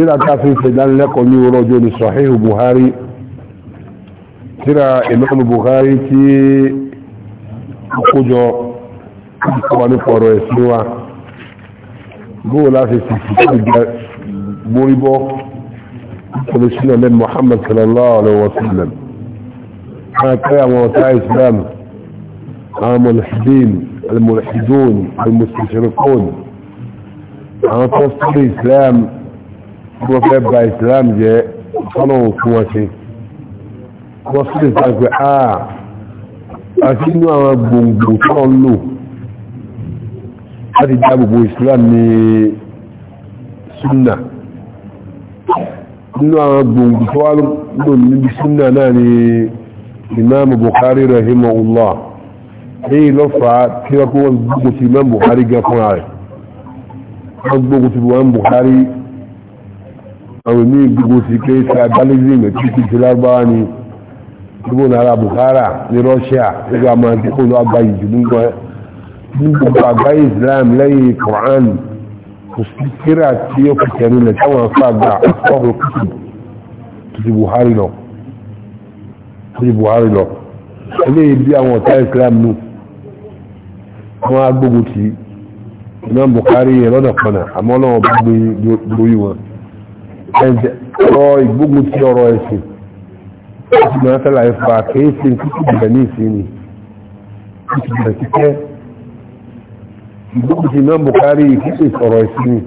tíra ta fi ṣèdánilẹ́kọ̀ọ́ ní òwúrọ̀ ọjọ́ ní Sahihu Buhari tíra Imam Buhari tí àkójọ wà ní fọ̀rọ̀ ẹ̀sìn wa bóò láti sì sí ìgbà gbóríbọ́ pẹ̀lú sílẹ̀ lẹ́nu Muhammad sallallahu alaihi wa sallam máa kẹ́ àwọn ọ̀tá Islam àwọn mọ̀lẹ́sìdín الملحدون المستشرقون àwọn tó sílẹ̀ Islam bí wọ́n fẹ́ ba islam jẹ́ fọ́nà òfin wọn ṣe wọ́n sì lè sáré pé àà ah, àti inú àwọn gbòǹgbò tọ́ ń lò láti dáàbòbò islam ní sunna inú àwọn gbòǹgbò tó wá lò níbi sunna náà ni imam bukhari rahimahullah èyí lọ fà á tí wọ́n gbogbo ti imam bukhari gẹ́ fúnra rẹ̀ wọ́n gbogbo ti imam bukhari àwọn ní gbogbo sí pé tribalism títí ti lágbára ni gbogbo náírà Bukhara ní Russia gbogbo àmà tí kò lọ agbáyé jù nígbà àgbáyé Islam lẹ́yìn Quran kò sí kíra tí ó kẹ̀kẹ́ nílẹ̀ táwọn afọ àgbà ọkọ̀ kùtù tó ti Buhari lọ tó ti Buhari lọ eléyìí bí àwọn ọ̀tá Islam nù wọn agbógun tì Imam Bukhari yẹn lọ́nà kan náà àmọ́ náà wọ́n bá gbé lórí wọn ọ̀rọ̀ ìgbógun ti ọ̀rọ̀ ẹ̀sìn láti mọ̀ ẹ́fẹ́lá ẹ̀fà kéèsì títí bẹ̀rẹ̀ ní ìsinmi títí bẹ̀rẹ̀ títẹ́ ìgbógun ti náà bukari ìkíkè sọ̀rọ̀ ìsinmi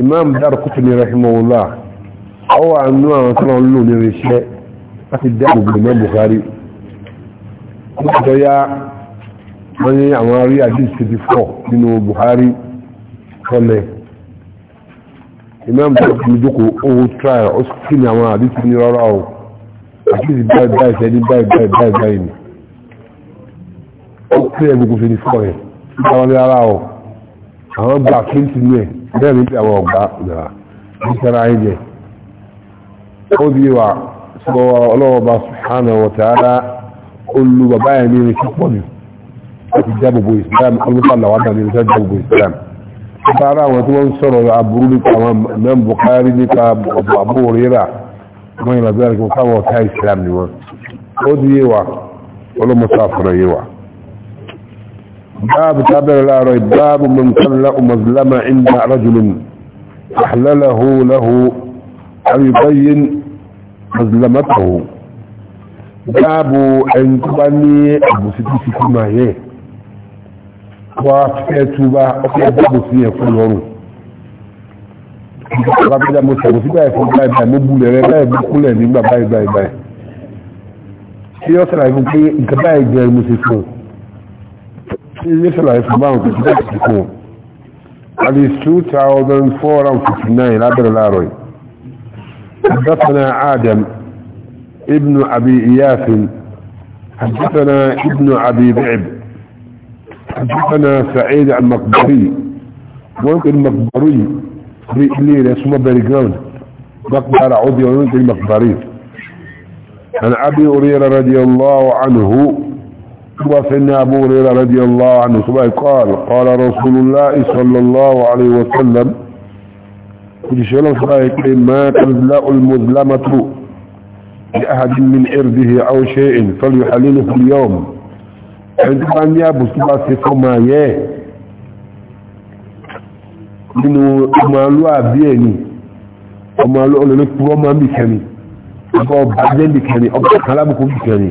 imam dar kutumi rahimahullah ọwọ́ àánú àwọn tọ́lọ́ ń lò ní wọ́n ní àwọn arí àdìsí 54 nínú buhari tọ́lẹ̀ imam tó kí ní jókòó owó trial ó kí ni àwọn àdísí ní rárá o àkíyèsí báyìí báyìí sẹ́ni báyìí báyìí báyìí báyìí ni ó kí ẹ̀ gbogbo fèrè fọ́ ẹ̀ báwọn ní rárá o àwọn gba kéńtì ní ẹ̀ bẹ́ẹ̀ ni pé àwọn ọ̀gá ìgbà ní sẹ́ra ayé jẹ ó di wa sọ ọlọ́wọ́ bá subhanahu wa ta'ala olú bàbá ẹ̀ ní irin sí pọ̀ jù láti dáàbò bo ìsìlámù ọlọ́pàá làwọn àdàmì ìrìnsẹ́ dáàbò bo tààrà àwọn tí wọ́n sọ̀rọ̀ àbúrú nípa àwọn mẹ́m bukari nípa àbúrú rírà wọ́n yìí lọ́bẹ̀rẹ̀ kí wọ́n ká islam ni wọ́n ó di yé wa ọlọ́mọsọ àfọ̀rọ̀ yé wa báàbù tábẹ̀rẹ̀ láàrọ̀ báàbù mọ̀nkànlá ọmọdúnlámà ìgbà rajulun àhlẹ́lẹ́hu lẹ́hu àríbáyín mọ̀dúnlámàtàhu báàbù ẹni tó bá ní àbùsí tó fi kú máa yẹ́ wá fẹ́ túbá ọkọ̀ ìgbàgbọ́ sí ẹ̀fọ́ lọ́rùn alábẹ́jà mo sọ̀rọ̀ sí báyìí fún báyìí báyìí mo bulẹ̀ rẹ báyìí mo kúlẹ̀ nígbà báyìí báyìí báyìí ṣé yọ sọ̀rọ̀ fún pé nǹkan báyìí jẹ́ mo ṣe fún ṣé yọ sọ̀rọ̀ fún báwọn kò sí báyìí ṣe fún àti two thousand four hundred fifty nine lábẹ́rẹ̀ láàárọ̀ yìí حدثنا آدم ابن أبي إياس حدثنا ابن أبي بعب حدثنا سعيد المقبري وانت المقبري في الليل اسمه بريغان مقبرة عضي وانت المقبري عن ابي هريره رضي الله عنه وسيدنا ابو هريره رضي الله عنه قال قال رسول الله صلى الله عليه وسلم كل شيء صحيح ما تملا المظلمه لاحد من ارده او شيء فليحلله اليوم ẹni tó bá ní àbùsù bá ṣe fọ́mọ ayẹ́ ẹ̀ nínú ọmọ alúàbí ẹ̀ ni ọmọ olólùkú ọmọ mìkẹni ọba ọbàjẹ́ mìkẹni ọba kalábùkú mìkẹni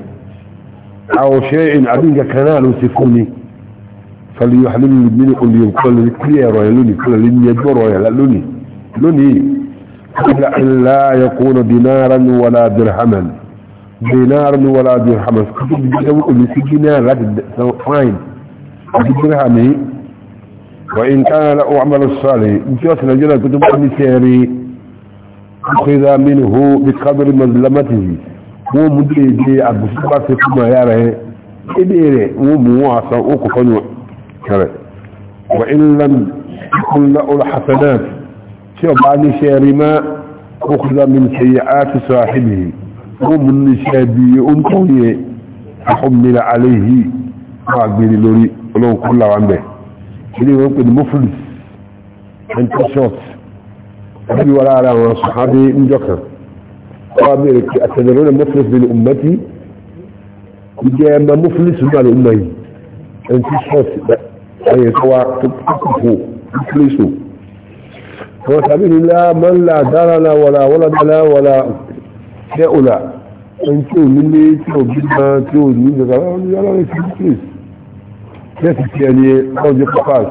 àwọn ṣẹ́ ìrìn àbíǹkà kan náà ló ṣe fún ni fàlíyọ halilu nínú olùyọ̀kọ́ lórí kílẹ̀ ẹ̀rọ ẹ̀ lónìí kílẹ̀ lórí ní ẹjọ́ ọ̀rọ̀ ẹ̀ lónìí lónìí دينار ولا درهم كتب جدو اللي سجنا رد فاين درهمي وإن كان لا أعمل الصالح انتوات نجل كتب أبن سيري أخذ منه بقدر مظلمته هو مدري جي أبو سبا سيكما ياره إبيري هو مواصا وكفنو وإن لم يكن له الحسنات شو بعني سيري ما أخذ من سيئات صاحبه ومن الشابي أنتوني أحمل عليه وأقبل لوري ولو كل عنده شريف يمكن مفلس من تشوت أبي ولا على صحابي من جكر قابل أتدرون مفلس من أمتي يجي أما مفلس من الامي أنت تشوت أي سواء تقفوا مفلسوا وسبيل الله من لا دارنا ولا ولدنا ولا jẹ́ ọ̀la ẹni tí ò nílé tí ò bí ma tí ò ní ìjọba aláwọ̀ sí place lẹ́sì tí ẹni ọjọ́ papas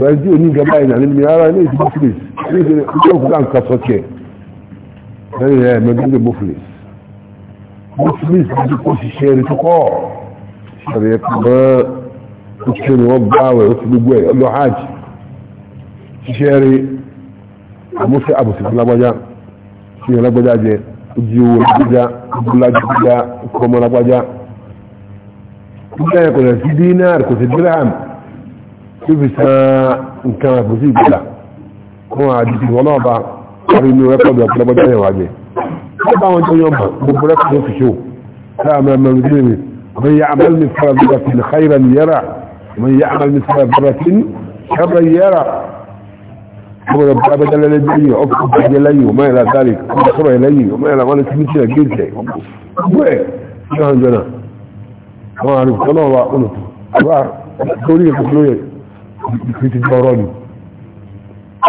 ẹni tí ò ní ìjọba ìlànà níbi ara ilé ìjọba place ní ìjọba òkúta nǹkan sọ́kẹ̀ lẹ́yìn ẹ̀ mẹ́gbẹ́ ìjọba place mo place ti kó ṣiṣẹ́ rẹ̀ tó kọ́ ṣàrẹ̀ ẹ̀kọ́ mọ́ ó ni wọ́n gbá wẹ̀ ó gbogbo ẹ̀ ọlọ́ ṣiṣẹ́ rẹ̀ àmúṣe àbòsí lágbájá tí yẹn lágbájá jẹ ojú owó lágbájá gbúlágbájá kọmọ lágbájá nígbà yẹn kò lè sí dínárì kò sí dírámù tó fi san nǹkan àpòsí ìgbàlá wọn àdìsí wọn náà bá kárí inú rẹ́kọ̀dù àti lágbájá yẹn wà jẹ wọ́n bá wọn jẹ́ yọ̀mà gbogbo rẹ́kọ̀dù fi ṣó sáà máa mẹ́rin sí mi من يعمل مثقال ذرة خيرا يرى ومن يعمل مثقال ذرة شرا يرى أمر أبدا لدي أفقد إلي وما إلى ذلك أخرى إلي وما إلى وانا سميتنا جيزة وإيه يا هنجنا ما أعرف كنا وأقول كوريا كوريا في تجاراني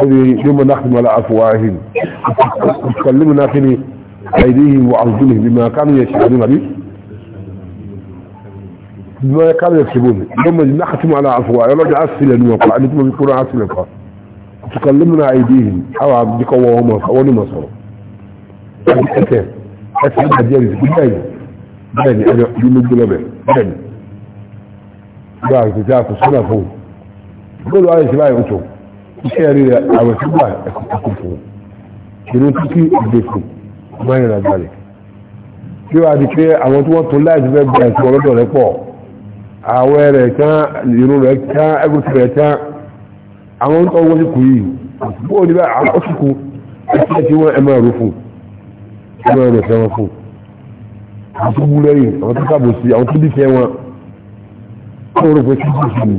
هذه يوم نختم على أفواههم تكلمنا في أيديهم وأرجلهم بما كانوا يشعرون به بما كانوا يكسبون يوم نختم على أفواههم رجع أسفل أنواقع أنتم بكرة أسفل أنواقع تكلمنا ايديهم او عبدك وهم اول ما صاروا اتكلم اتكلم جالس بالبين بين انا بمد لبن بين بعد تعرف السنة فوق قولوا عليه سبعي انتم الشيء او سبعي اكون فوق شنو تكي اديكم ما يلا ذلك bí wàá di pé àwọn tí wọ́n tún láìsí fẹ́ bẹ̀rẹ̀ sí ọlọ́dọ̀ rẹ̀ pọ̀ àwẹ̀ rẹ̀ tán ìrú rẹ̀ tán ẹgbẹ̀tì rẹ̀ tán àwọn ń tọ́wọ́ sí kò yìí bóò ní báyìí àwọn ọ̀sùnkú ẹ̀sẹ̀ tí wọ́n ẹ̀mọ́ ẹ̀rọ fún ẹ̀mọ́ ẹ̀rọ fẹ́ wọn fún àwọn tó wú lẹ́yìn àwọn tó sábò sí àwọn tó dìfẹ́ wọn wọ́n rò pé kí kò sí ni.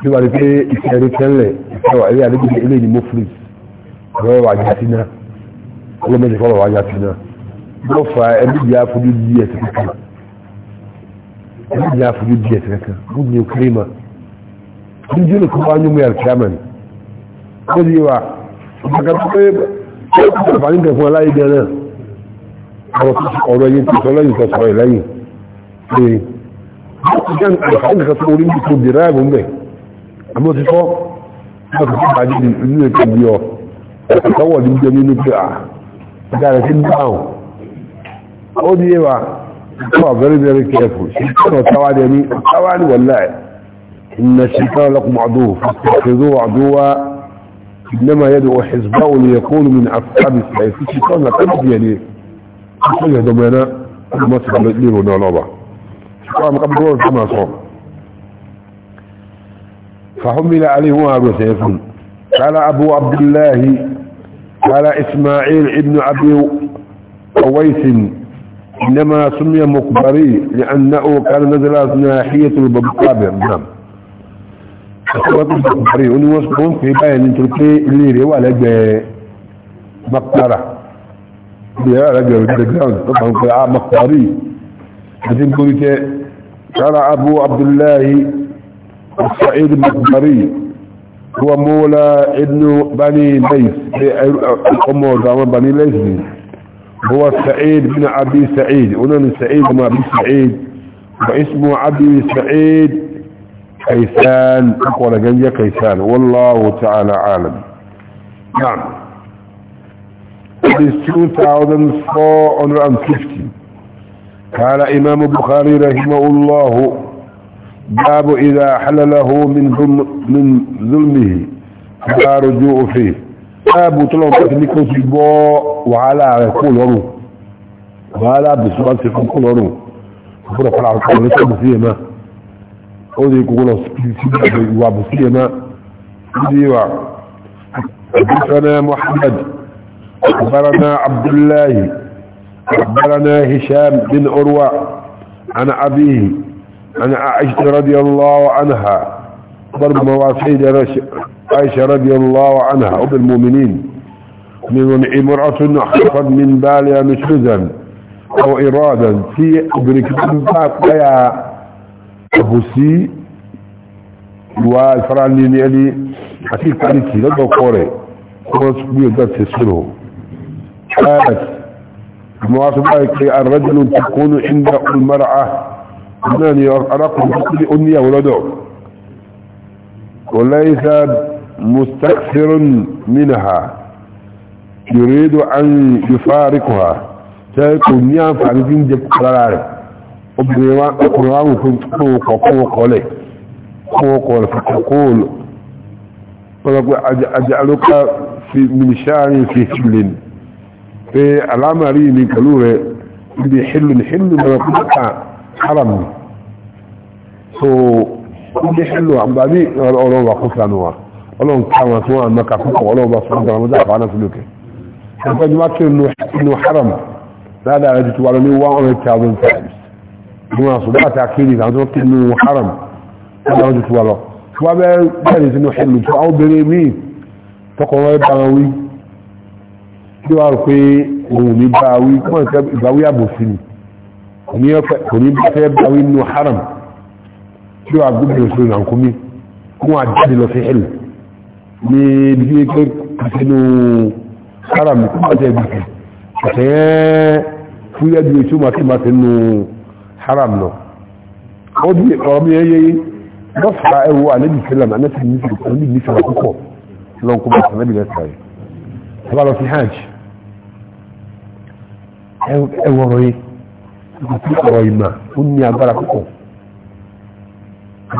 bí wàá di pé ìfẹ́ rí tẹ́lẹ̀ ìfẹ́ wà eré àdébìlì ilé ní mọ́fìlì ọ̀rọ̀ wà já sí náà ọlọ́mọdé fọlọ́ wà já sí náà wani ya fi yujiya ta kaka gudu ne kalima duk jini kuma an yi mai alkyama ne ko zai wa daga tsaye amfanin da kuma layi gana a wasu tsoron yin tsoron layi ta tsoron layi ne jan alfaɗin ka tsoron yin tsoron bira ya gumbe amma su tsoron ba ka tsoron ajiyar inu ne kan biyo a tsawon jirgin yin nufi a gara sun ba'an ko zai wa هو very very careful الشيطان والتوعد يعني التوعد واللعب إن الشيطان لكم عدو فاتخذوه عدوا إنما يدعو حزبه ليكون من أصحاب السعيد الشيطان لكم يعني أصلي دمنا ما تخلقين ونعلوبة الشيطان قبل دور كما صور فحمل عليه وابو سيفون قال أبو عبد الله قال إسماعيل ابن أبي قويس إنما سمي مقبري لأنه كان نزل ناحية البقابر نعم أخبرت المقبري أنه وصفهم في باين انتركي اللي ريوا لك مقبرة يا رجل الجراوند طبعا قراءة مقبري لكن قلت قال أبو عبد الله السعيد المقبري هو مولى ابن بني ليس أمور بني ليس هو سعيد بن عبي سعيد ونن سعيد ما بن سعيد واسمه عبي سعيد كيسان أقول جنجة كيسان والله تعالى عالم نعم حديث 2450 قال إمام البخاري رحمه الله باب إذا حلله من ظلمه فلا رجوع فيه káàbù tó lọ́wọ́ pẹ̀lú kó ti bọ́ wàhálà rẹ̀ kó lọ́rùn wàhálà bùsùn bá ti fún kó lọ́rùn fúnra fúnra àwọn ọ̀rẹ́ sọ bùsùn yẹn náà ó lè kókó lọ sí ìwà bùsùn yẹn náà níbi wà àbúsọ́nà Muhammad àbárànà Abdullahi àbárànà Hisham bin Urwa ana abihi ana Aisha radiyallahu anha ضرب مواسيد عائشة رضي الله عنها أم المؤمنين من امرأة خفت من بالها نشوزا أو إرادا في أبرك بنتاك يا أبو سي والفرانين يلي حقيقة عليكي لدو قوري ذات بيضا تسره قالت المواصبة الرجل تكون عند المرأة أنني أرقم بكل أني ولده وليس مستكثر منها يريد أن يفارقها تكون ينفع لدين جك قرار أبنوان كنت قوق قوق لك قوق فتقول أجعلك في من شان في حل في العمري من كلوره بحل حل من حرم so kúkẹ́ ṣẹlò àgbàbí ọlọ́run wà fún sanu wa ọlọ́run káwọn tó wà mẹ́ka púpọ̀ ọlọ́run bá fún ọgbàrán mọ́tà àfáàná sí lókè ẹgbẹ́ jùmọ́ kí inú haram ládàá rẹ̀ tuntun wà lọ ní one hundred thousand times ní wọn sọ láti akéde àwọn tó kí inú haram ládàá tuntun wà lọ tí wọ́n bẹ́ẹ̀ bẹ́ẹ̀ sínú ṣẹlò tó àwọn obìnrin míì tọkọ wọn ìbáwí àbòsí ni òun ní bá fẹ́ bá wí haram tí ó agbóbìnrin sórí náà kú mí kún àjáde lọ sí ẹ̀lù ní ibi pé kìtẹ́nu kára mi kún àjẹ́ ibi kìí kìtẹ́ fúyẹ́ bí oṣù màkì máa ti nu haram lọ ó di ọ̀rọ̀ mi yẹ lọ́fà ẹ̀wọ̀ àlẹ́bí sílẹ̀ náà lẹ́sìn ní ìfẹ́ ní ìfẹ́ wà púpọ̀ lọ́nkú bá sàn lẹ́bí lẹ́sà yìí tọ́ba lọ sí hajj ẹ̀wọ̀ ọ̀rọ̀ yìí ọ̀rọ̀ ìmà ó ní agbára púpọ̀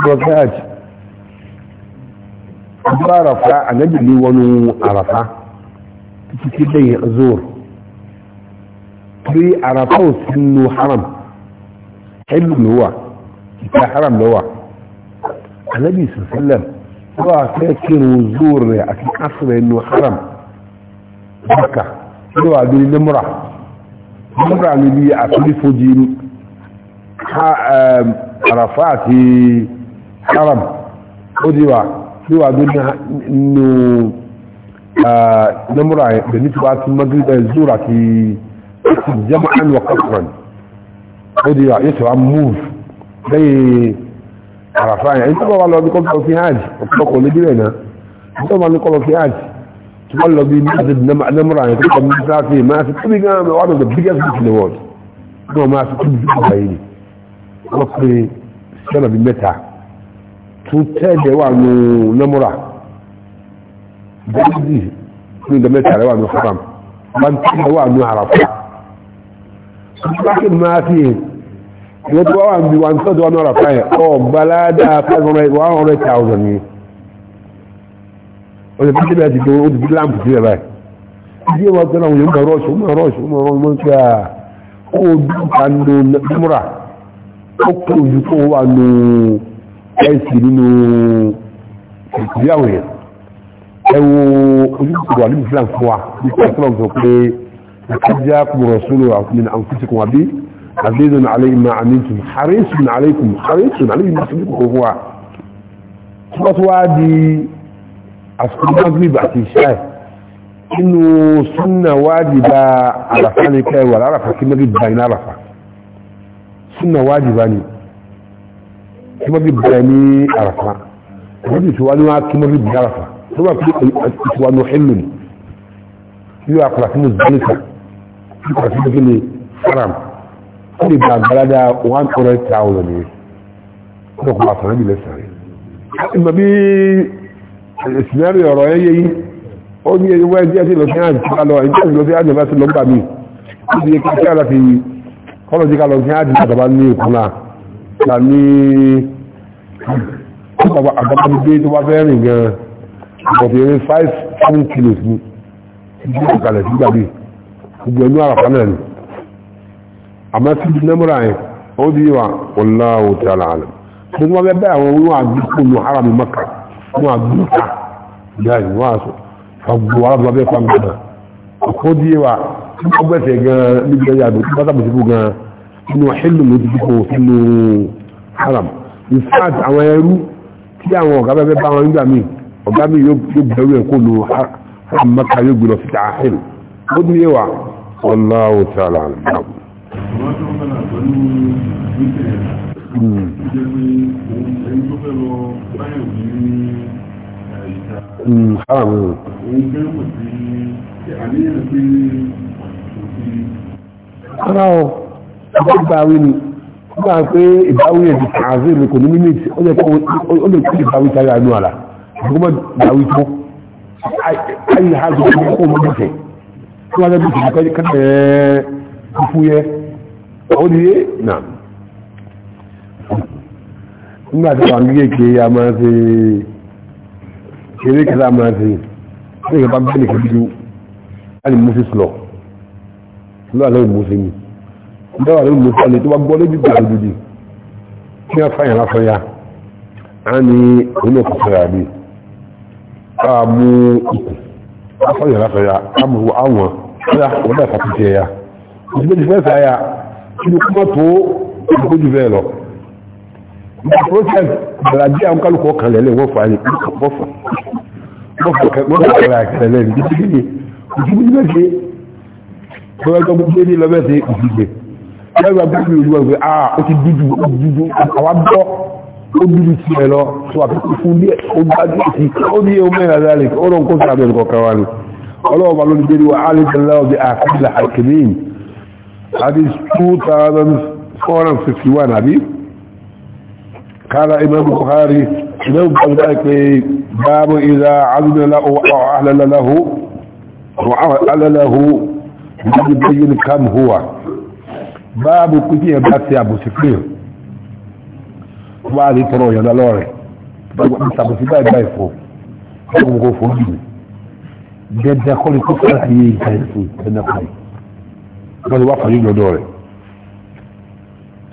rọ́gáàj ọjọ́ àràfá ànájìlú wọnú àràfá títí tí lẹ́yìn azor torí àràfá ò sí nínú haram ẹlù lówà ìta haram lówà ànájì sọ̀sẹ́lẹ̀m wọ́n a fẹ́ kírun zor rẹ̀ àti asìrẹ̀ nínú haram baka yóò wà lórí lẹ́mọ́ra lẹ́mọ́ra níbi àtúrífojú àràfá àti haram ó di wà tí wà bí nínú lẹ́mọ́ra ẹ̀ ní tí wà tí magrib ẹ̀ zúra kí ti jama'an wa kọkùnrin ó di wà yóò tí wà move lẹ́yìn àràfà yẹn tí wọ́n wà lọ bí kọ́kọ́ fi hajj ọ̀pọ̀lọpọ̀ lójú rẹ̀ náà tí wọ́n wà ní kọ́kọ́ fi hajj tí wọ́n lọ bí lẹ́mọ́ra ẹ̀ tó kọ́ mi sáfì máa ti tóbi gan one of the biggest books in the world wọ́n máa ti tóbi jù kọ́ báyìí ni wọ́n pe sẹ́nà tún tẹ́ẹ̀dẹ̀ wà ní lẹ́mọ́ra bẹ́ẹ̀dì ní ìdẹ́mẹ́ta rẹ̀ wà ní haram bá ń tẹ́ẹ̀dẹ̀ wà ní àràfà lákìn máa fi ìwọ́n tó wà ní wọn tọ́dọ̀ wọn àràfà yẹn ọ gbalada five ni wọ́n ti pàṣẹ bẹ́ẹ̀ tó ti fi sí ẹ̀ ìdí ìwọ́n tó náà wọ́n yóò ń rọ́ọ̀ṣù ẹ̀sì nínú ìgbéyàwó yẹn ẹwọ ojúkòkòrò àdúgbò fúlàn fún wa nípa ìsọ́nà sọ pé ìkájá kúrò sólò àfihàn àǹkútìkùn àbí àdéhùn alẹ́ ìmọ̀ àmìntùn àríṣùn àlékùn àríṣùn àlékùn àtúntò fún wa tí wọ́n tún wá di àsìkò magrib àti ìṣáì nínú súnà wájìbá àlàfà ní kẹwàá àlàfà kí magrib báyìí ní àlàfà súnà wájìbá ni kí wọ́n fi bẹ̀rẹ̀ ní àràfà wọ́n ti tiwa ní wọn kí wọ́n fi bẹ̀rẹ̀ àràfà tó bá fi tiwa ní ọ̀hìnlù ní yóò àpàlà fún mùsùlùmí kí wọ́n fi fi lè faram wọ́n lè gba àgbàládà one hundred thousand ní wọ́n lè kó bá sọ̀rọ̀ ìbílẹ̀ sàrẹ̀. ìmọ̀ bí eh, sinari ọ̀rọ̀ ẹ yẹ yìí ó ní ẹni wọ́n ẹgbẹ́ lọ sí àjẹ́ lọ ẹgbẹ́ lọ sí àjẹ́ bá ti lọ́gbà mí ó ti yẹ kí tàbí àgbàgbàgbé tó bá fẹ́ rìn gan ọ̀bẹ̀rẹ̀ 5 kilos ní ìjú ìkàlẹ̀ sí gbàgbé gbogbo ẹnu àràpá náà ni àmọ́ sí ibi nẹ́mọ́ra ẹ̀ ó di wà wallahu ta'ala alam tó tó bá fẹ́ bẹ́ẹ̀ àwọn oníwà àgbẹ̀kọ́ ní haram maka ní àgbẹ̀kà ìyá ìwà àṣọ fagbó alábọ̀ bẹ́ẹ̀ fagbó náà ó inú ọ̀hìnlù ló dìbò kò nínú haram in fact àwọn ẹrú tí àwọn ọ̀gá bẹ́ẹ̀ bá wọn nígbà míì ọ̀gá mi yóò gbẹ̀rú ẹ̀kọ́ lu hmm. haram maka yóò gbèrò sí tahil ó ní ẹwà ọláwó tí ara ọ̀ ìgbàwí ni nígbà pé ìbáwí ẹ̀dì ààzí rẹ̀ kò ní mímìtì ó lè kí ìbáwí tàrí àánú àlà ìgbọ́mọ̀ ìbáwí tó ayé hajj ní kó mọ́ bẹ̀tẹ̀ tó wájá bí i kọ́ kẹ́kẹ́ fúfú yẹ ó ní yé nà nígbà tí wọ́n gígé kí a máa ṣe kéré kẹta máa ṣe ṣe ìgbà bá bẹ́ẹ̀ nìkan bí ju a lè mú sí slọ lọ́wọ́ àlọ́ ìmúṣe mi dáwà ló lò fọ́lẹ̀ tó wá gbọ́ lébi gbà lójijì kí wọ́n fàyàn lásán ya á ní onílẹ̀ kò sọ̀rọ̀ àbí ká mú ikùn á fàyàn lásán ya á mú àwọn ọ̀dà ọ̀dà ìfàkùnjẹ ya ìdílé ti fẹ́ sáyà kí ni kó má tó ìdókòjú bẹ́ẹ̀ lọ ìgbà protest bẹ̀rẹ̀ bí àwọn kálukú ọkàn lẹ́lẹ̀ wọ́n fà á ní bọ́fà bọ́fà kẹrẹ àkẹrẹ lẹ́nu ìdílé ìdílé ìdílé ìdílé ìdílé ìdílé ẹgbẹ́ gbẹ́gbẹ́ ìlú ẹgbẹ́ àà ah, ó ti dúdú dúdú àwọn gbọ́ ó dúdú sí ẹ lọ tó àfikún fún bí ó bá dé sí ó ní ewu mẹ́rin àdáàlẹ̀ ó lọ kó sábẹ́ ẹ̀kọ́ kan wá ní ọlọ́wọ́ bá lónìí dédé wa alẹ́sẹ̀lá ọ̀bẹ àkàlẹ̀ àkìlẹ́yìn àti 2451 àbí kára imam buhari imam buhari bá pé báàbù ìlà alẹ́lẹ́lẹ́hu alẹ́lẹ́hu yìí bẹ́yìn kam huwa báàbù kú tí yẹn bá ti àbòsí pé wá rí tọrọ ìyọ̀dá lọ́rẹ̀ ìsàbòsí báyìí báyìí fò ọgbọ̀n kò fò jù dẹ́dẹ́ kọ́ ni kó fẹ́ràn ayé ìka ìfò dẹ́dẹ́ kọ́ ni wọ́n ti wá fàyè lọ́dọ̀ rẹ̀.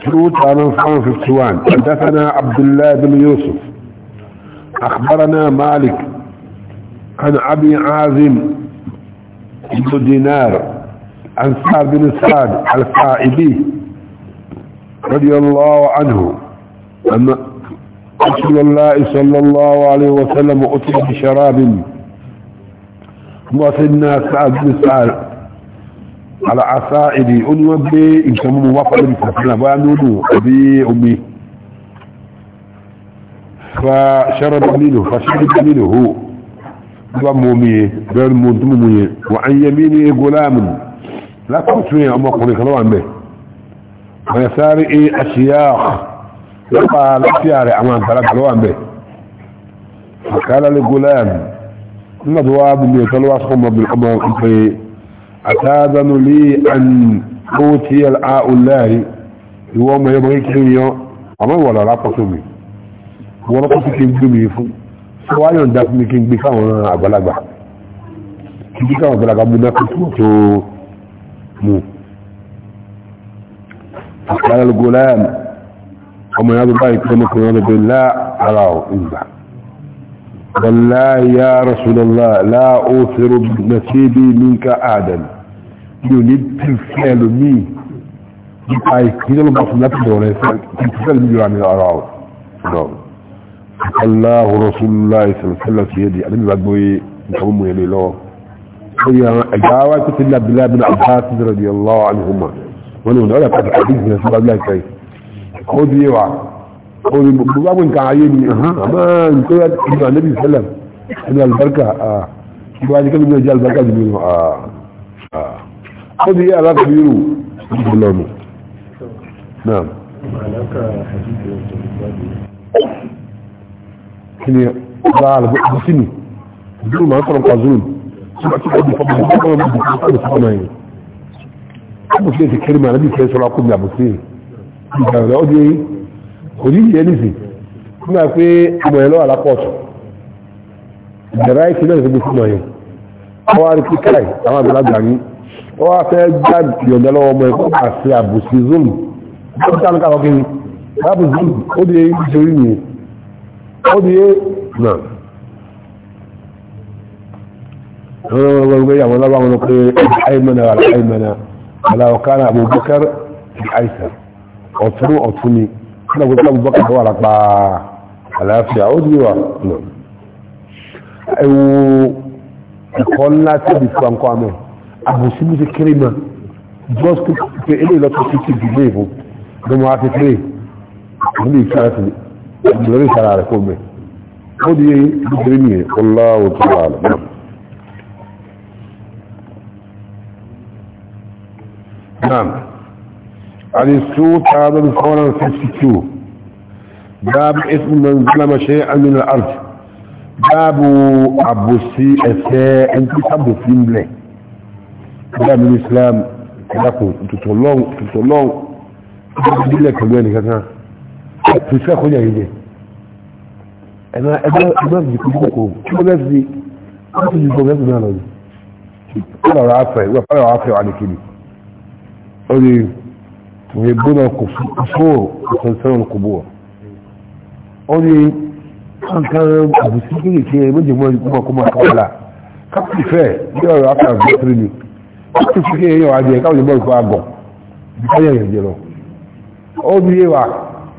شروط 551 حدثنا عبد الله بن يوسف أخبرنا مالك عن أبي عازم بن دينار عن سعد بن سعد الساعدي رضي الله عنه أن رسول الله صلى الله عليه وسلم اتي بشراب وصلنا سعد بن سعد على عصائدي ان وبي إن كان موافق بسرحنا بأنه أبي أمي فشرب منه فشرب منه هو ومومي غير وعن يمينه غلام lákòótún yẹn ọmọkùnrin kan lọ́wọ́ ń bẹ̀ ọ̀yẹ̀ sáré e àṣìyá lọ́pàá láfíà rẹ̀ àwọn àgbàlagbà lọ́wọ́ ń bẹ̀ àkàlálẹ̀ gólẹ́m nígbà tó wá bùnmi ìtọ́ lọ́wọ́ sọ́kọ́ ọmọ ìpè àtàdánù lé àn ó ti yẹ àùláì ìwọ ọmọ yẹn mọ kékeré yẹn ọmọ ìwọ lọ lápọ̀tò mi wọ́n lọ́pọ̀ tó kí mú àkàrà alghulam ọmọ yàbí báyìí pé mọ́kànlá rẹ̀ bẹ̀ láàrá ìgbà wallahi ya rasulallah la uthiru nasibi minka adam yóò ní tìfẹ́ lómi nípa ìpínlẹ̀ bá fún láti bọ̀rẹ̀ tìfẹ́ lómi هي جاوة إلا عبد الله بن عباس رضي الله عنهما ولو نقول لك الحديث من سبب الله كيف خذ يوعى خذ بابا انت عايبني اها اما انت يا النبي صلى الله عليه وسلم ان البركه اه بعد كده بيجي البركه جميله اه اه خذ يا رب بيرو الله نعم معناك حديث كده قال بسني دول ما يقرأ قازون abu sai ta kirma na bisai sura kuma abu sai da raude kò ní ìyẹn nìsí kuma pé ọmọ ẹ̀lọ́ alápọ̀tù ìdàrá ìkí náà ti gbogbo yẹn ọwá rí kíkàì àwọn àgbàlagbà ní ọwá fẹ́ gbá yọ̀ndà lọ́wọ́ ọmọ ẹ̀kọ́ àti àbùsí zoom dókítà ní káwọn kí ní àbùsí zoom ó di ìṣorí nìyẹn ó di náà أيمنا على أيمنا على وكان أبو بكر الأيسر أطفو أطفني أنا قلت أبو بكر هو رقبا على في عودي و نعم أو قلنا تبي سوام قامه أبو سيمو كريمة جوز كنت في إلي لا تسيتي بليفو دمو عافيت ليه ليه كانت ليه كانت ليه كانت ليه كانت ليه والله تعالى نعم نعم علي السوط هذا الفورة 62 باب اسم من ظلم شيئا من الارض باب عبسي اساء انت تبسي ملي باب الاسلام لكم تطلعوا تطلعوا تقول لك الوين كذا تساخوا يا جدي انا انا انا بكم شو لازم انت اللي بغيت انا لازم انا عارفه وفرع عارفه على كده أولي ويبون الكفور وخلصان القبور أولي كان كان أبو سيكي كي من جمع كما كما كما كما كفاية يا رأسا بطرني كما سيكي يا عدي كما جمع كما أقوم بكايا يجلو أولي يوا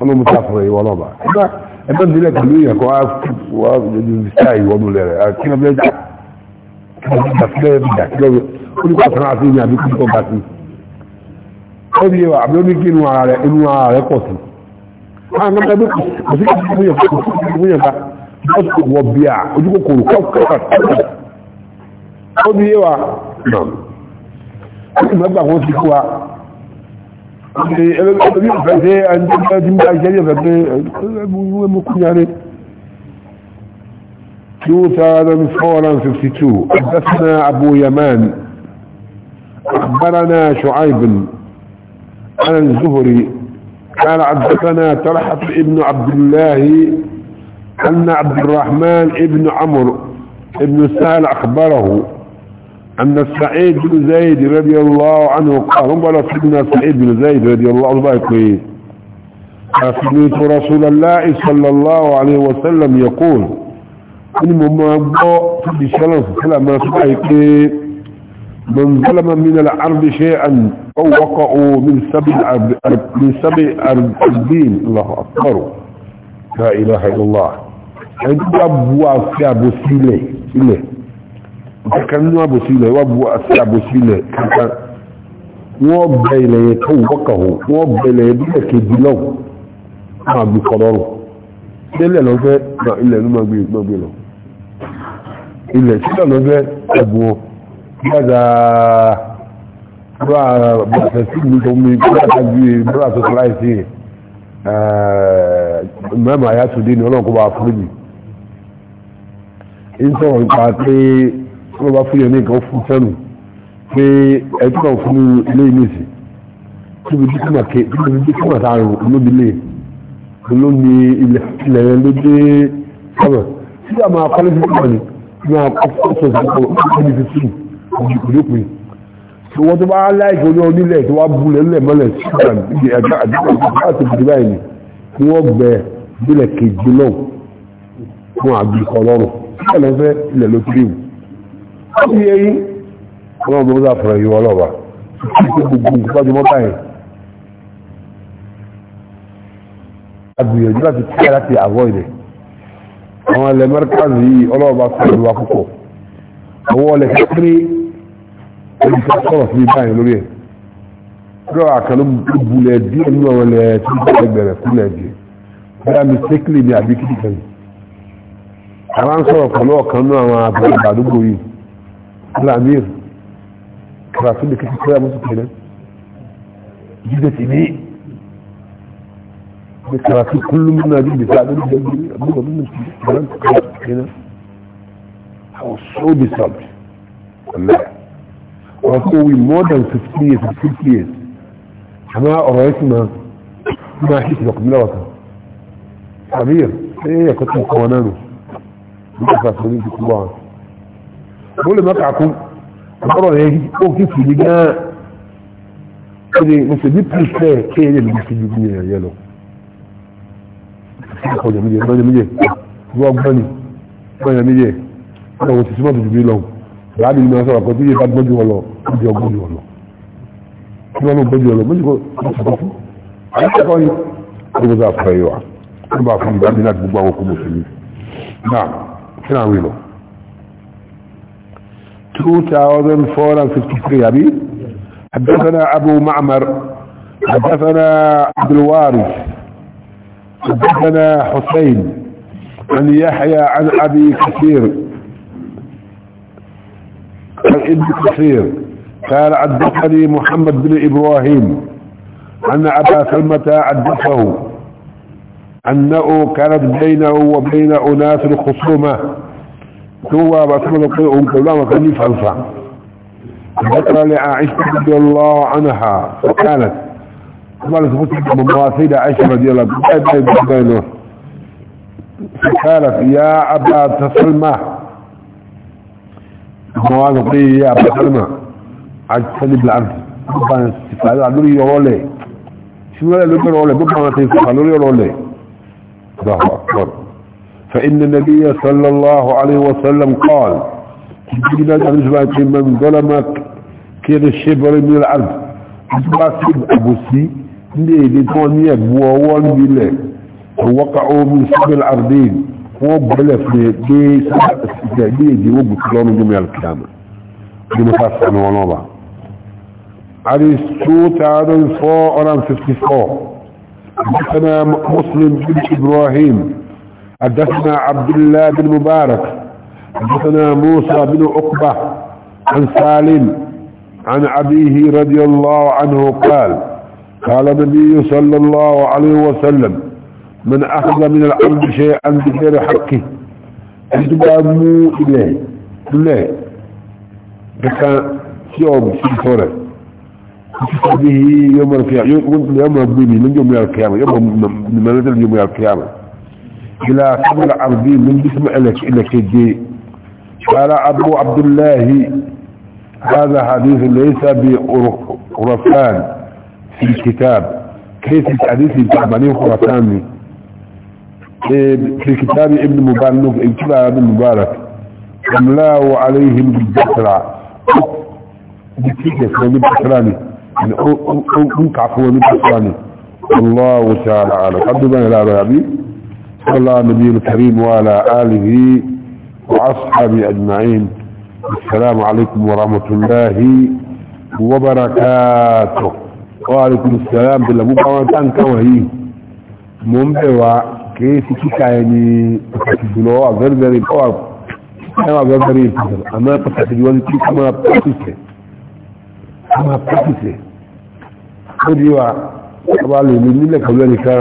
أنا متافر يوا لما أما أما دلك لويا كما أفتب ومستعي ومولي كما بلد كما بلد كما بلد كما بلد كما بلد كما بلد كما بلد ẹbí wa àbí omi kí inú ara rẹ̀ inú ara rẹ̀ pọ̀ sí àwọn ọmọ ẹbí kò sí kí fún yẹn kò sí fún yẹn ká bọ́ọ̀sì kò wọ bíà ojú kò kòrò kọ́kọ́ ó bí wa nà ó sì mẹ́gbà wọn sí fún wa ẹbí ìfẹ́ sí ẹni tí ń bá iṣẹ́ yẹn fẹ́ pé ẹgbẹ́ mú kú yára 2452 حدثنا أبو يمان أخبرنا شعيب عن الزهري قال عدتنا طلحة ابن عبد الله أن عبد الرحمن ابن عمرو ابن سهل أخبره أن سعيد بن زيد رضي الله عنه قال انظر سيدنا سعيد بن زيد رضي الله عنه قال سمعت رسول الله صلى الله عليه وسلم يقول إن مما أبو في الشلام سلام ما من ظلم من الأرض شيئا أو وقعوا من سبع من سبع الدين الله أكبر لا إله إلا الله عند أبو في أبو سيلة سيلة كان أبو سيلة وأبوا في أبو سيلة كان وأبوا إليه توقعه وأبوا إليه بيك بلو ما بقدره إلا لو ilẹ̀ إلا máa gbé lọ ilẹ̀ لو lọ́fẹ́ ẹ̀bùn gbada bọ́ọ̀sẹ̀ sí ìlú tó mi gbọ́dá ju bọ́ọ̀sẹ̀ tó láì sí mẹ́mà ya tún dé ní ọlọ́nkọ́ bá fún mi ń sọ̀rọ̀ nípa pé wọ́n bá fún yẹn ní nǹkan fún fẹ́nu pé ẹjọ́ kan fún ilé ìnísì níbi díkùnà ké níbi díkùnà táàrùn olóbi lè kòjìkòjìkòjì tí wọ́n tó bá láìkò ní onílẹ̀ tó wá búlẹ̀ nílẹ̀ mọ́lẹ̀ tí agbìyànjú láti kíkà láti àgọ́ ilẹ̀ àwọn ilẹ̀ mẹ́ríkà yìí ọlọ́ba fọ̀rọ̀ wà púpọ̀ àwọn ọlẹ̀ kékeré ẹni tó sọ̀rọ̀ sí báyìí lórí ẹ̀ lọ àkàlù bulẹ̀ díẹ̀ nínú àwọn ilẹ̀ tí ó bẹ̀rẹ̀ bẹ̀rẹ̀ kúlẹ̀ di bẹ́ẹ̀ mi sékìlì ní àbí kìkì kan àwọn ń sọ̀rọ̀ pẹ̀lú ọ̀kan nínú àwọn àbúrò àdúgbò yìí lamir karatu da kake koya musu kenan jida tini da karatu kullum muna jin bisa abin da abubuwa mun kenan I was so disturbed ọ̀rọ̀ tó wí more than fifty years fifty years àmọ́ ọ̀rọ̀ yẹn ti máa máa ṣe ìṣẹ̀lẹ̀ kùnmílẹ̀ ọ̀tàn àbí ẹ̀ ẹ̀kọ́ tó ń kọ́ wọn náà nù nígbà tó àṣọ ní ìdíkú wọn. mo lè má kàkú ọ̀rọ̀ yẹn ó kí fi ní gán ó lè mo ṣe bí pèsè kéèyàn lè lè fi ju bí yẹn yẹn lọ. ọ̀rọ̀ yẹn mi yẹ lọ́yẹ̀ mi yẹ wọ́n gbọ́ ni lọ́yẹ̀ mi yẹ ọ̀rọ̀ wọn ti súnmọ́ tuntun bí lọ láàbì ni wọ́n sọ̀rọ̀ kọ́ tó yẹ níbi ọgọ́jọ ọ̀nà kí wọ́n ní ọgọ́jọ ọ̀nà méjì kó bá fún àyíkọ́ yìí kó bá fẹ́ yọ kó bá fún ìgbà nílá gbogbo àwọn okùnmọ̀ sí náà kí náà wí lọ. two thousand four and fifty three àbí حدثنا أبو معمر حدثنا عبد الوارث حدثنا حسين عن يحيى عن أبي كثير عن ابن كثير قال حدثني محمد بن إبراهيم أن أبا سلمة حدثه أنه كانت بينه وبين أناس الخصومة هو أبا الله قال أنك الله ذكر لعائشة رضي الله عنها فقالت قالت فتحة من مواسيدة عائشة رضي الله عنها فقالت يا أبا سلمة مواسيدة يا أبا سلمة فإن النبي صلى الله عليه وسلم قال من ظلمك كير الشبر من الأرض أبوسي أبوسي ليه لتوني أبوان بله ووقعوا من سب العرضين وبلف ليه دي السجادية دي وقلوا من جميع الكلام دي مفاسة من ونوبة حديث 2454 حدثنا مسلم بن إبراهيم حدثنا عبد الله بن مبارك حدثنا موسى بن عقبة عن سالم عن أبيه رضي الله عنه قال قال النبي صلى الله عليه وسلم من أخذ من العبد شيئا بغير حقه أجبامه إليه إليه كان يوم في الفرق به يوم القيامة يوم الدين من يوم القيامة يوم من نزل يوم القيامة إلى سبل عرضين من جسم إلى كجي قال أبو عبد الله هذا حديث ليس بخرفان في الكتاب كيف الحديث التعباني خرفاني في كتاب يعني ابن مبارك ابتلى ابن مبارك أملاه عليهم بالبسرة بكيكة من يعني البسراني يعني انك من بالإسلام الله تعالى على قدما إلى رهبي صلى الله على النبي الكريم وعلى آله وأصحابه أجمعين السلام عليكم ورحمة الله وبركاته وعليكم السلام بالله مباركان كوهي ممبوا كيف كيكايني تكتبلو very very powerful أنا very very important أما قد تحتاج وزي كما practice أما practice ó di wa ọba lè ní nílẹ̀ pẹ̀lú ẹnìkan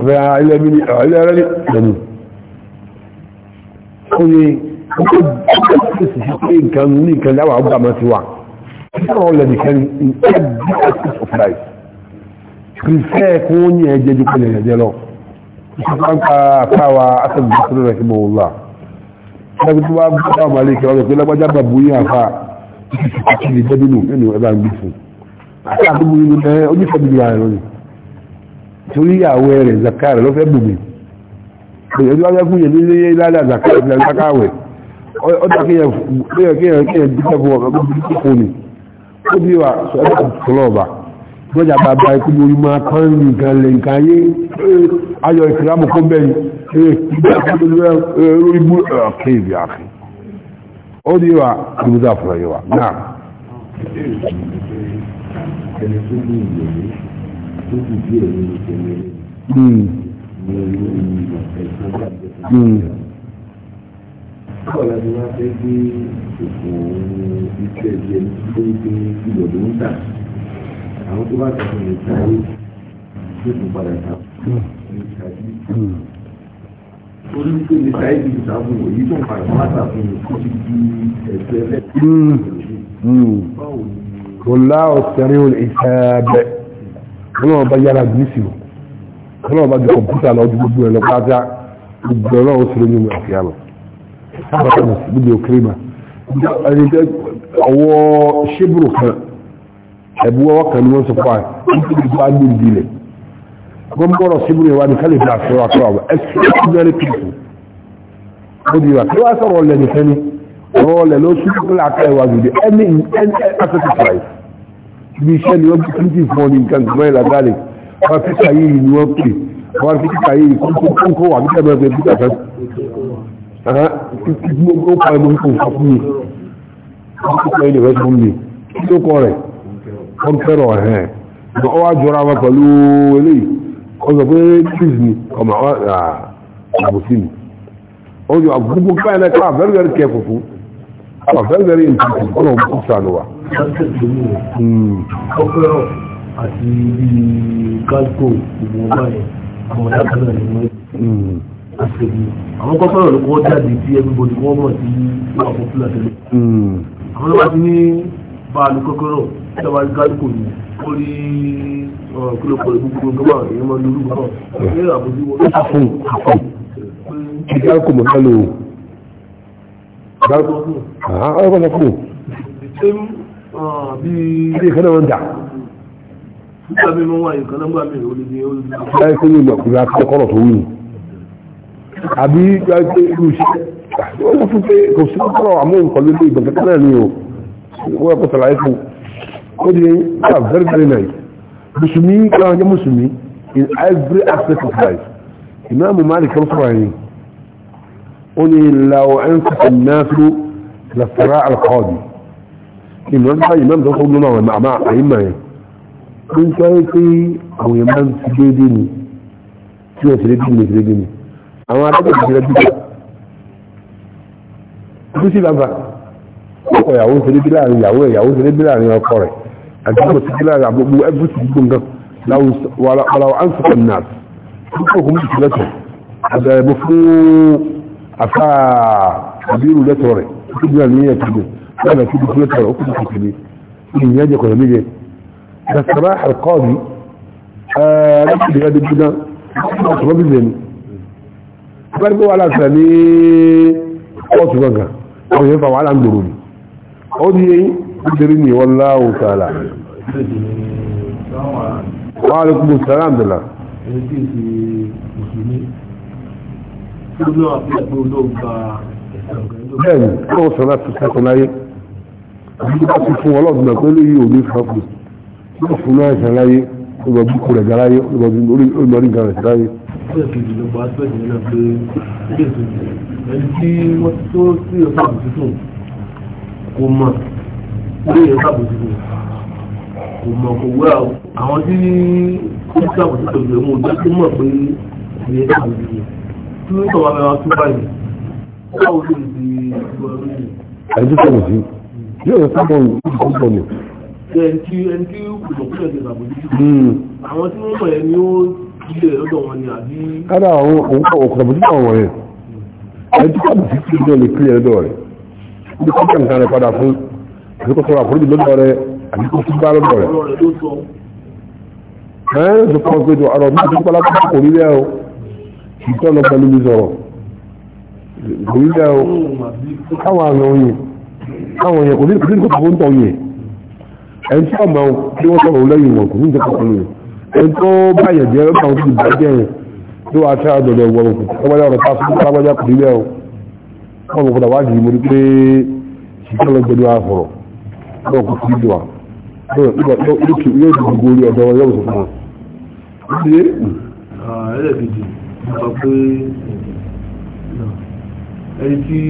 ọ̀rẹ́ ilẹ̀ mi ní ọ̀rẹ́ rẹ̀ lẹ́nu ó ní ọjọ́ ìsìn sí pé nǹkan ní nǹkan láwà ọgbà máa ti wà ọ̀rọ̀ lẹ̀ nìkan ní in every aspect of life prefer kó ó ní ẹ̀jẹ̀ jù pẹ̀lẹ̀ ẹ̀jẹ̀ lọ ìṣẹ́fà ń pa àpáwa asẹ́gbẹ̀sọ́rọ̀ rẹ̀ kí mo wà lẹ́gbẹ̀ẹ́ tó wá gbọ́dọ̀ àmàlẹ́kẹ̀ ọ̀rọ̀ pé lágbájá bàbú yín àfà ìṣẹ́fà kí ni dẹ́bìnú nínú ẹ̀bá ń gbé fún un àti àdúgbò yìí ẹ onífẹ́ bíbí ara rẹ̀ torí àwẹ̀ rẹ̀ zaka rẹ̀ ló fẹ́ bùbí èyí ọdún wájú fún yẹn ní ládà zaka rẹ̀ zaka wẹ̀ ó dà kí yẹn kí yẹn kí yẹn dúpẹ́ fún ọkọ̀ bí kò ní ó bí wa sọ ẹ́ kò tọ́lọ̀ ọba lọ́jà bàbá ikú ní orí máa kán ní nǹkan lẹ̀ nǹkan ayé ayọ̀ ìkìlámù kó bẹ́ẹ̀ lórí bú ọ̀kẹ́ ìbí àkè ó bí wa kò ní sàfihàn náà ẹni tó ní ìyẹ̀wò tó kù bí èmi ní tẹ̀lé hmm. ní ìlú ìlú ẹ̀sán gbàgbé. Bọ́ọ̀lù ni wọ́n fẹ́ gbé òkò iṣẹ́ ìdí ẹni tó ń gbé ìlọ̀dún ń tà. Àwọn tó bá tẹ̀sán lè ta ayé tó kù padà ta hmm. ní ìtajú. Orí tó lè ta ayé ti ìtàkùn òyìn tó ń padà wọ́n tà fún mi kó ti lẹ́yìn. Hmm. Báwo ni والله السريع الحساب ọlọ́run ọba yára jù sí o ọlọ́run ọba ju kọ̀mpútà lọ ju gbogbo ẹ̀ lọ pátá gbogbo ọlọ́run sì lóyún àfíà lọ sábàtà lọ sí gbogbo kírìmà ọwọ́ ṣébùrù kan ẹ̀bú ọwọ́ kan ni wọ́n sọ fún wa nítorí gbogbo agbègbè ilẹ̀ gbọ́ngbọ́rọ̀ ṣébùrù ìwádìí kálífà àṣọ àṣọ àwọn ẹ̀sìn ẹ̀sìn very peaceful ó di wa kí wọ́n sọ̀rọ̀ lẹ́nu fẹ́ni rọ́ọ̀lẹ̀ ló ṣí pípílà àtẹ́wàjú dé ẹni asẹ́tì price ibi iṣẹ́ ni wọ́n bí twenty four ní nǹkan gbọ́n ìlà dáre wọ́n fi kàyé yìí ni wọ́n pè wọ́n fi kàyé yìí kókó wà bí tẹ́lẹ̀ bẹ́ẹ̀ bí tẹ́lẹ̀ ó pa ẹmọ ìkó nǹkan fún mi ó pa ẹni rẹ fún mi kí ló kọ rẹ̀ wọ́n fẹ́rọ̀ ẹ̀ ọ́ wá jọra wọn pẹ̀lú eléyìí wọ́n sọ pé cheese ni ọmọ ah, àbòsí ni ó yọ àgbógbó káyọ̀ náà ká very very careful fún are oh, very very important ọ̀nà òbí kúta ló wà. ọpẹ́rọ̀ àti bíi galco gbogbo ọgbà yẹn àwọn ọ̀dà kan náà ni wọ́n àṣèlú àwọn kọ́fẹ́rọ̀ ló kọ́ jáde sí everybody wọ́n mọ̀ sí wà fún fúlà tẹ́lẹ̀. àwọn ọba ti ní báàlù kọ́kọ́rọ̀ ìjọba galco ni ó rí kílòpọ̀ ìgbógun gbọ́n èèyàn máa lórí gbọ́n ní àbójú wọn. àfún àfún ìgbà kò mọ̀ fẹ́ lò ó ọ̀rọ̀ lọ fún ilé ìkẹ́lẹ̀ wọn dà láì ilé ìgbẹ̀kẹ́kẹ́ very very nice musulmi kan jẹ́ musulmi in every aspect of life imaamu malik kan sọ̀rọ̀ yìí ó ní làwọn ẹnkọ̀ọ́ náà lọ́sọ̀rọ̀ alkọ́ọ̀dì ìlú ọ̀nà ìmọ̀ tó kó gbọ́nà àwọn àmà àyímọ̀ yẹn ó ń sọ́yẹ́ pé àwọn èèyàn máa ń fi déédé ni tí wọ́n ti rí bí mi ti rí bí mi àwọn adájọ́ ti rí bí mi bí sí bàbá ọkọ ìyàwó ti rí bí láàrin ìyàwó ìyàwó ti rí bí láàrin ọkọ rẹ̀ àti ọkọ ti rí láàrin àgbogbo ẹbí ti rí gbọ̀ngàn wàlàwọ̀ ansọ̀kọ̀ náà púpọ̀ kò mú ìtìlẹ́tọ̀ àbẹ̀rẹ̀ fún àfáà àbírù lẹ́tọ̀ rẹ̀ tó bí àmì yẹn ti dùn láàrín àti ìdíkú lẹ́tọ̀ rẹ̀ ó kúrò kìkìlì ìyìn yẹn jẹ́kọ̀ọ́ méje dasara alkọ́ọ̀bì láti ìdíkà dé gbígbá ọ̀tọ̀ bí lẹ́nu bá ní pé wàhálà sà ní kóòtù gangan àwọn yẹn fa wàhálà ń gbòòrò ni ó di yẹn nítorí ni wọ́n láwù tààlà. wàhálà alaykum salaam dala. ẹni bẹ́ẹ̀ni ọwọ́ sọ láti sẹ́kọ̀ọ́ láyé àbí bá ti fún ọlọ́dún pé lóyè òní fàkù yóò fún náà ẹ̀sẹ̀ láyé olùbọ̀ bí kò rẹ̀ gà láyé olùbọ̀ ní gàrẹ̀ láyé. ẹni sí ọ̀sán kò mọ̀ kò mọ̀ kò àwọn tí ó sábà tó tòlù ẹ̀mú ọ̀dọ́ tó mọ̀ pé ìyẹn sábà tó tòlù tí wọ́n sọ̀rọ̀ àwọn tó báyìí àdìsẹ́ mi sí yóò yẹ sábọ̀ ìdìbò pọ̀ ni. ẹni tí ẹni tí kùtùkùtù ẹ̀ àwọn tí wọ́n mọ̀ ẹ́ ni ó ilé ọ̀dọ̀ wọn ni àbí. kára àwọn òkùnkùn àwọn yẹn ẹni tí káàdì sí kílẹ̀ ní kílẹ̀ ọ̀dọ̀ rẹ̀ ní kọ́kọ́ nǹkan rẹ̀ padà fún àbíkọ́ sọ̀rọ̀ àforíjì lọ́dọ̀ rẹ̀ àbíkọ́ sí bá lọ́dọ̀ rẹ̀. ẹ̀ẹ́n sọ fún ọ pé ọ̀rọ̀ mi ti pàlápàá kò rí rẹ̀ o ìtọ́ lọ pẹ̀lú mi sọ̀rọ̀ ìgbòyílẹ̀ o káwọn àrùn òyìn káwọn òyìn kò ní ìpínlẹ̀ tó kàwọn tọ̀ yẹn ẹni tí wọ́n máa tí wọ́n sọ̀rọ̀ lẹ́yìn wọn kò ní ìjọba kan lóyìn ẹni tó báyẹ̀ jẹ́ ọ̀pá àwọn tó bàjẹ́ yẹn tó wàá tẹ́ àdọ̀dọ̀ wọn kò tọ́wọ́lẹ́ ọ̀rọ̀ tá a fún kábọ́já kò nílẹ̀ o wọ́n mọ̀ kọ́dà wájú mo rí pé ṣìṣẹ́ lọ gbẹdọ̀ àfọ̀rọ̀ náà kò sí ìdùn yóò dùn gorí ọ̀dọ̀ yóò sọ fún wọn. Ah, ẹlẹ́kejì sọ pé ẹni tí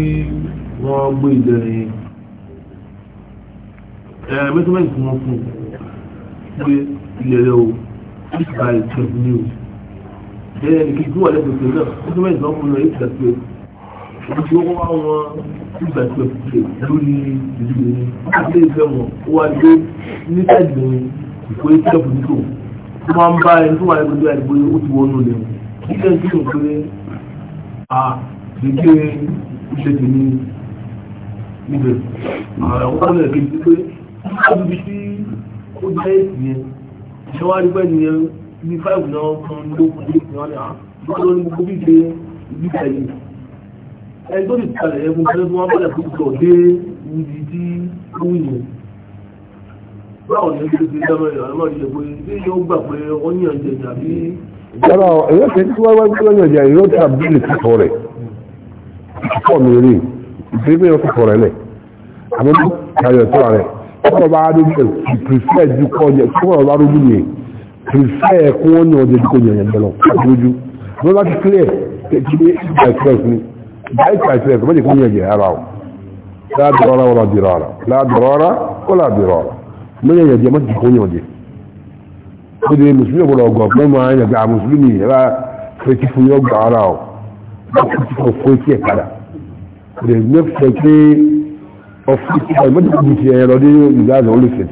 wọ́n gbé ìdẹ̀rẹ̀ ẹ̀ mẹ́tọ́mẹ́tì tí wọ́n fún gbé ilẹ̀rẹ̀ o which by twelve news bẹ́ẹ̀ ni kí n wà lẹ́gbẹ̀ẹ́ náà mẹ́tọ́mẹ́tì náà fún eight by twelve ibi tí ó wá wọn two by twelve play lórí ìlú yìí ilé ìfẹ́ wọn ó wá gbé ní sẹ́ẹ̀dì mi ìpè twelve nítò ó máa ń bá ẹni tó wà lẹ́gbẹ̀ẹ́ àdìgbò ó ti wọnú lẹ́wọ̀n kí lẹ́yìn tí gbígbé ìṣètò ní ibẹ̀ ààrẹ wọ́n lè kejì pé ibi tí ó jẹ́ èsì yẹn iṣẹ́ wá rí pẹ́ni yẹn ní fáìbù náà kan ló kù ní ìpínlẹ̀ ọ̀nà àgbọ̀dọ̀ ní gbogbo ìṣe ibi tẹ̀lé ẹni tó ti kalẹ̀ ẹkùn tẹ́lẹ̀ tó wọ́n bẹ̀rẹ̀ fún ìṣọ̀ dé ibi tí ó wù yẹn báwo ni ẹgbẹ́ ti dábẹ́ ìrànlọ́wọ́ ìṣẹ́ pé ṣé yóò gbà pé wọ́n yàn jẹ tàbí. Yàrá ẹ̀yọ́ kẹ́kẹ́ tí wọ́n wá gbọ́dọ̀ yàn jẹ ìrọ́ta bílì kíkọ rẹ̀ pọ̀ mi rí ìdílé pé wọ́n ti fọ̀rọ̀ ẹ̀lẹ̀ àmọ́ bí kàyọ̀ tó rẹ̀ kọ́ bá rí bẹ́ẹ̀ kì pìrìfẹ́ ju kọ́ yẹ kí wọ́n bá rójú yẹn pìrìfẹ́ kó wọ́n yàn ọjọ́ ju kó yẹn yẹn lọ lójú wọ́n bá ti clear kí ní express ni by express wọ́n jẹ́ kó yẹn yẹ ara o ládùrọ́ra wọ́n ládùrọ́ ara ládùrọ́ra kó ládùrọ́ ara mo yẹn yẹn jẹ́ mọ́ ti kó yẹn jẹ́ ó di mùsùlùmí ọ̀pọ̀lọ̀ ọgọ̀ pé mo máa ń yàgbà mùsùlùmí ẹ̀ bá fẹ́ kí fún yọ gbà ara o bá kí fún fún kí ẹ̀ padà rẹ̀ ní fẹ́ pé ọ̀fíìsì ìmọ̀tòkùnrin ti ẹ̀rọ ní ìdáàzọ̀ olùfẹ́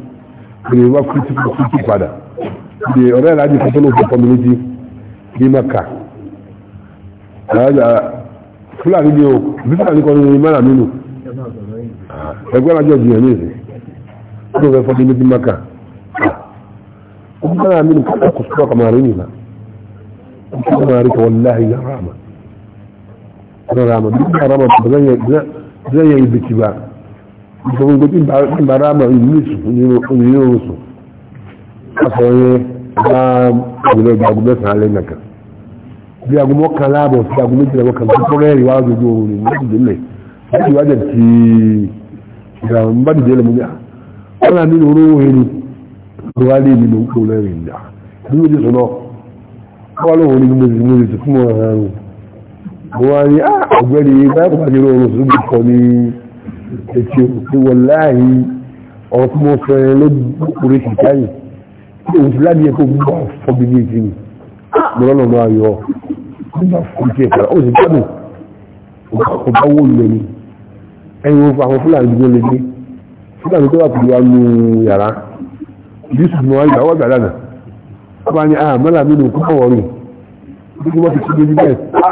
rẹ̀ wá kúrìtìkù kúrìtì padà rẹ̀ ọ̀rẹ́ aláàjì fún tọ́lọ̀ fún community ní maka fúlàní ni o bí fúlàní kan ní mara nínú ẹgbẹ́ alájọ ìjìyàn ní ìsìn ó lọ fẹ́ fọ́ nínú ní maka ó bí mara nínú kọ́kọ́ kò sọ́kọ̀ máa rí nìyà ó kọ́ máa rí kọ́ wọ́n láì yára àmà rama duk da rama ba zai yi biki ba domin gudun ba rama yi su yi su a sauye ba gudun ba gudun sa halin naka bí agun mọ́kànlá àbọ̀ sí agun méjìlá mọ́kànlá tó kọ́rẹ́ ìwà àjòjò òun ni wọ́n dìde lẹ̀ láti wájà ti ìràwọ̀ ń bá dìde lẹ̀ mú ní à ah, wọ́n náà nínú orówó ẹni ló wá lé mi ló ń kó lẹ́rìn ìjà ah, bí mo ti sọ náà wọ́n rí ah, ọ̀gbẹ́ni báyìí pàdé oòrùn tó bí kọ ní ẹ̀tí òkú wọ́n láàáyí ọ̀rọ̀ tó mọ́ fẹ́rẹ̀ ló kúrẹ́ sí káyì tí òun ti láti ẹ̀kọ́ gbọ́ fọ́bí ní ìtì ní lọ́nà máa yọ nígbà fún ti ẹ̀kọ́ ó sì gbádùn kò bá wó lè ní ẹni wọn àwọn fúlàní gbogbo lè dé fúlàní tó wà pẹ̀lú wa nu yàrá yusuf mọ́ ayé àwọn àgbà lánàá wọ́n bá ní àmàlà nínú kọ́kọ́ wọ̀rí bí wọ́n ti kí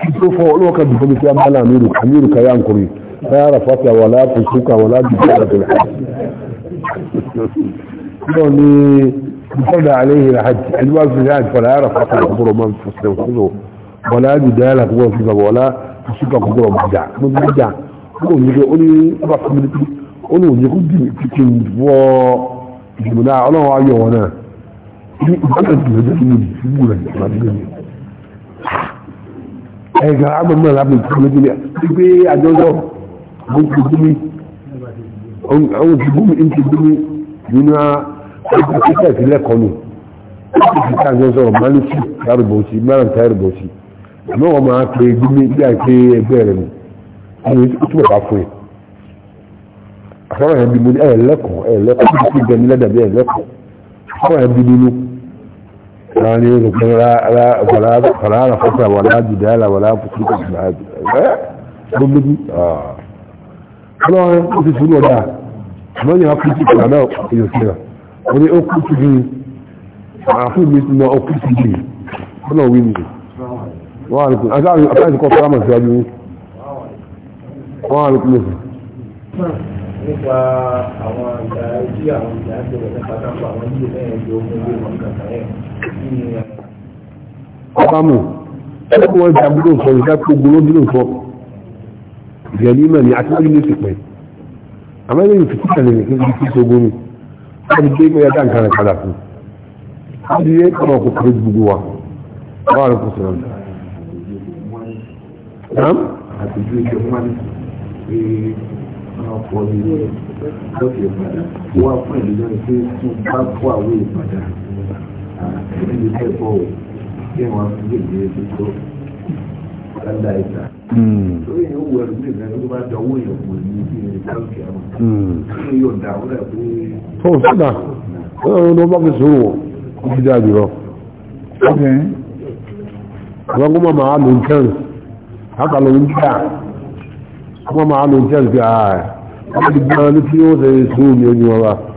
kito fa wani wakar da kuma sai mala amiru amiru ka yi hankuri ta yara fata wala ta suka wala ta suka da tulha yau ne kusa da alaihi da hajji alba su da hajji fara yara fata da kuma man fusa kuzo wala da da yara kuma fusa wala ta suka kuma man da kuma man da kuma mu ga oni ba kuma da oni wani ku bi cikin bo jimuna alawa ayo wana ni ba da da ni bulan ba da ni ẹ̀gà agbẹ̀mọ́ ìlàbẹ̀ ìpínlẹ̀ pé àjọ́jọ́ gbogbogbòmí àwọn ìgbòmí ìgbòmí nínú àpapọ̀ ìfìlẹ́kọ̀ọ́nù ìtàjọ́jọ́ maliki yarubọ̀sí mẹ́rànta i pé ẹgbẹ́ wọ́n ní oṣù fún fàlàrà fọ́sà wà láàájú dáàlà wà láàpùsù ìgbàájú gbogbo ọlọ́run ó ti fún ọ̀dá wọ́n yà kú sí ìpàdà ìyọ̀síra wọ́n ní ó kú sí bí àfún mi ti mọ ọkú sí bí ọ̀nà òwe nìyí wọ́n á lùkùn àti àti kọ́ fúlámà síwájú wọ́n á lùkùn lọ́sùn. nípa àwọn ìgbà tí àwọn ìgbà tí wọ́n ti pàtàkì àwọn ilé ẹ̀yọ́ ogun ilé wọn kàkà ẹ̀ ọpamọ ẹgbẹ́ wọn jàbúrò sọ ìjápò gbólóbìnrin sọ ìgbẹ̀límọ̀ ni àtúwájú ní ìsìnkú àmọ́lẹ́ ìfìsíkà lè rìn kí ní ṣogun ni láti gbé ìgbéyà dá nǹkan padà fún láti yé ọmọ kò kéré gbogbo wa wà á lọ́kọ̀ sọ̀rọ̀ nàám. àtijọ́ ìjọ máa ń pe ọkọ̀ mi lọ́sẹ̀ padà wọ́n á fún ìlú irin haifo yawa zai je su so Allah ya sa to yin yawuwar zai na duk ba da wuya kuri ne kanki amma yin yau da wura ko to sada ko no ba ku so ku ji da biro okay ran kuma ma mun kan haka lon da kuma ma mun kan ga a kuma duk da ni fiyo da su ne ni wa ba